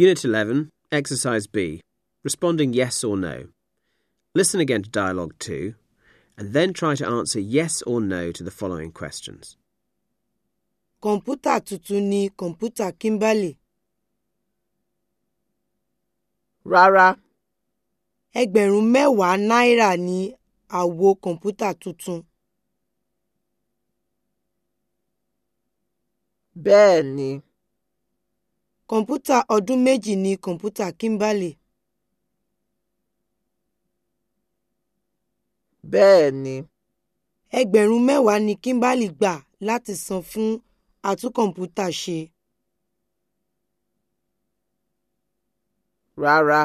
Unit 11, Exercise B, responding yes or no. Listen again to Dialogue 2 and then try to answer yes or no to the following questions. Kọ̀ǹpútà tutuni ni kọ̀ǹpútà Kimberly. Rárá. Ẹgbẹ̀rún mẹ́wàá náírà ni àwo kọ̀ǹpútà tuntun. Benny. kọ̀ǹpútà ọdún méjì ni kọ̀ǹpútà Kimberley. bẹ́ẹ̀ ni. ẹgbẹ̀rún mẹ́wàá ni Kimberley gbà láti san fún àtúnkọ̀ǹpútà ṣe. rárá